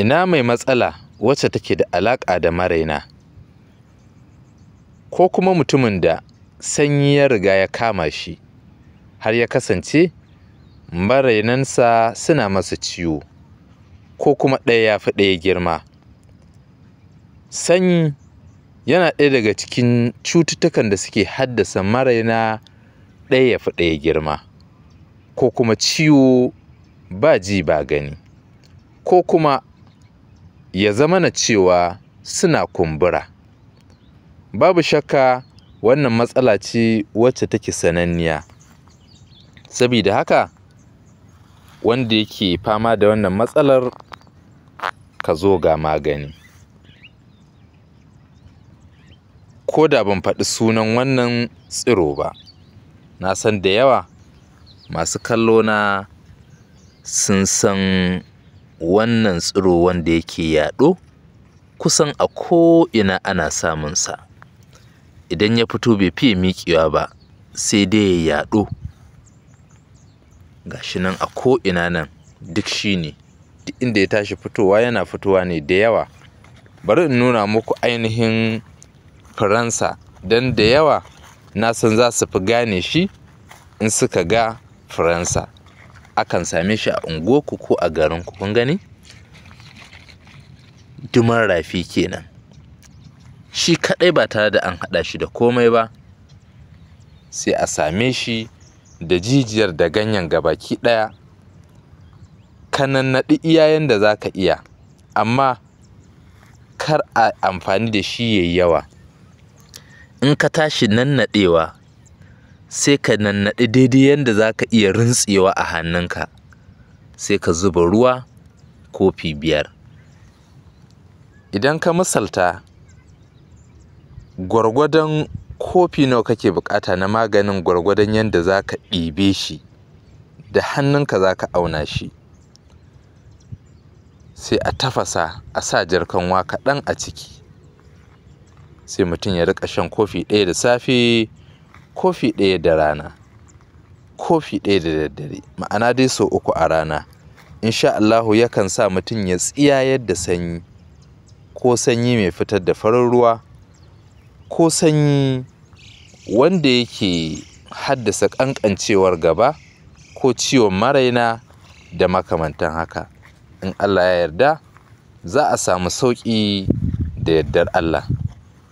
ina mai matsala wacce take da alaƙa da maraina ko kuma mutumin da sanyi ya riga ya kama shi har ya kasance marainansa suna masa ciwo ko kuma ɗaya ya fi ɗaya girma sanyi yana ɗaya daga cikin cututtukan da suke haddasa maraina ɗaya ya fi ɗaya girma ko kuma ciwo ba ji ba gani ko kuma ya zama na cewa suna kumbura babu shakka wannan matsala ce wacce take sananniya saboda haka wanda yake fama da wannan matsalar ka zo ga magani ko da ban faɗi sunan wannan tsiro ba na san da yawa masu kallo na sun san wannan tsiro wanda yake yaɗo kusan a ko'ina ana samunsa idan ya fito bai fiye miƙewa ba sai dai ya yaɗo Ga shi nan a ko'ina nan duk shi ne duk inda ya tashi fitowa yana fitowa ne da yawa bari in nuna muku ainihin Faransa, don da yawa na san za su fi gane shi in suka ga Faransa. akan same shi a unguwarku ko a garinku kun gani duman rafi kenan shi kadai ba tare da an hada shi da komai ba sai a same shi da jijiyar da ganyen gabaki ɗaya ka nannaɗi iyayen da za ka iya amma kar a amfani da shi yayi yawa in ka tashi nannaɗewa sai ka nannaɗi daidai yadda za ka iya rintsewa a hannunka sai ka zuba ruwa kofi biyar idan ka misalta gwargwadon kofi nawa kake bukata na maganin gwargwadon yadda za ka ɗibe shi da hannunka za ka auna shi sai a tafasa a sa waka kaɗan a ciki sai mutum ya riƙa shan kofi ɗaya da safe kofi ɗaya da rana kofi ɗaya da daddare ma'ana dai sau uku a rana insha Allahu yakan sa mutum ya tsiya yadda sanyi ko sanyi mai fitar da farin ruwa ko sanyi wanda yake haddasa ƙanƙancewar gaba ko ciwon maraina da makamantan haka in Allah ya yarda za a samu sauƙi da yardar Allah